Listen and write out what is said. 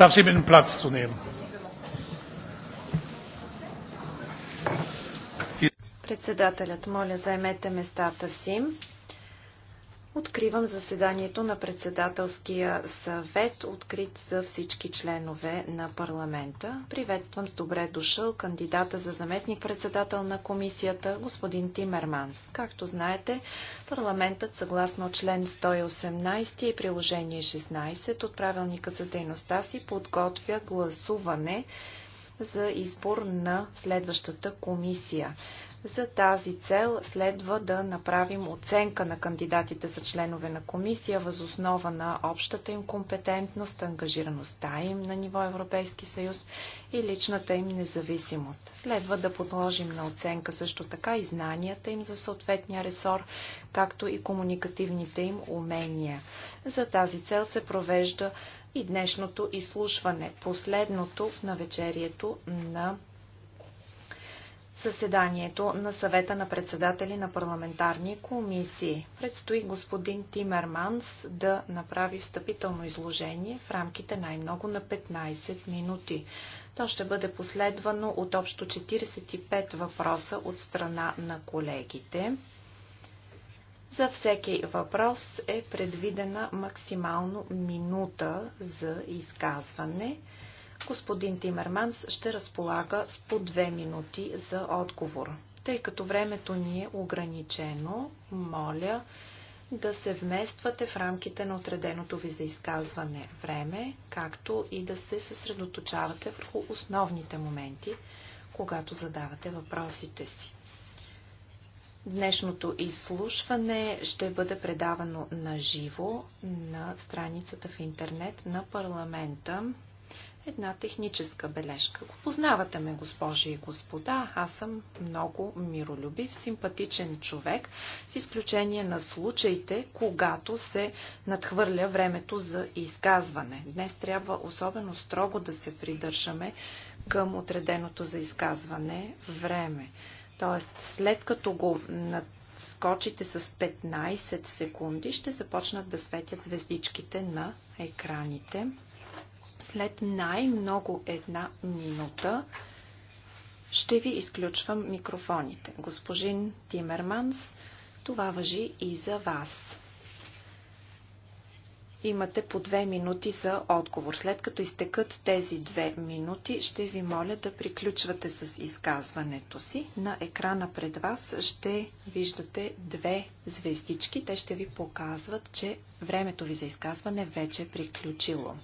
darf sie bitten platz zu nehmen. Председателят, моля, заемете местата си. Откривам заседанието на председателския съвет, открит за всички членове на парламента. Приветствам с добре дошъл кандидата за заместник-председател на комисията, господин Тимерманс. Както знаете, парламентът съгласно член 118 и приложение 16 от правилника за дейността си подготвя гласуване за избор на следващата комисия. За тази цел следва да направим оценка на кандидатите за членове на комисия възоснова на общата им компетентност, ангажираността им на ниво Европейски съюз и личната им независимост. Следва да подложим на оценка също така и знанията им за съответния ресор, както и комуникативните им умения. За тази цел се провежда и днешното изслушване, последното в навечерието на съседанието на съвета на председатели на парламентарни комисии. Предстои господин Тимерманс да направи встъпително изложение в рамките най-много на 15 минути. То ще бъде последвано от общо 45 въпроса от страна на колегите. За всеки въпрос е предвидена максимално минута за изказване господин Тимерманс ще разполага с по две минути за отговор. Тъй като времето ни е ограничено, моля да се вмествате в рамките на отреденото ви за изказване време, както и да се съсредоточавате върху основните моменти, когато задавате въпросите си. Днешното изслушване ще бъде предавано на живо на страницата в интернет на парламента Една техническа бележка. Ако познавате ме, госпожи и господа, аз съм много миролюбив, симпатичен човек, с изключение на случаите, когато се надхвърля времето за изказване. Днес трябва особено строго да се придържаме към отреденото за изказване време. Тоест, след като го надскочите с 15 секунди, ще започнат да светят звездичките на екраните. След най-много една минута ще ви изключвам микрофоните. Госпожин Тимерманс, това въжи и за вас. Имате по две минути за отговор. След като изтекат тези две минути, ще ви моля да приключвате с изказването си. На екрана пред вас ще виждате две звездички. Те ще ви показват, че времето ви за изказване вече е приключило.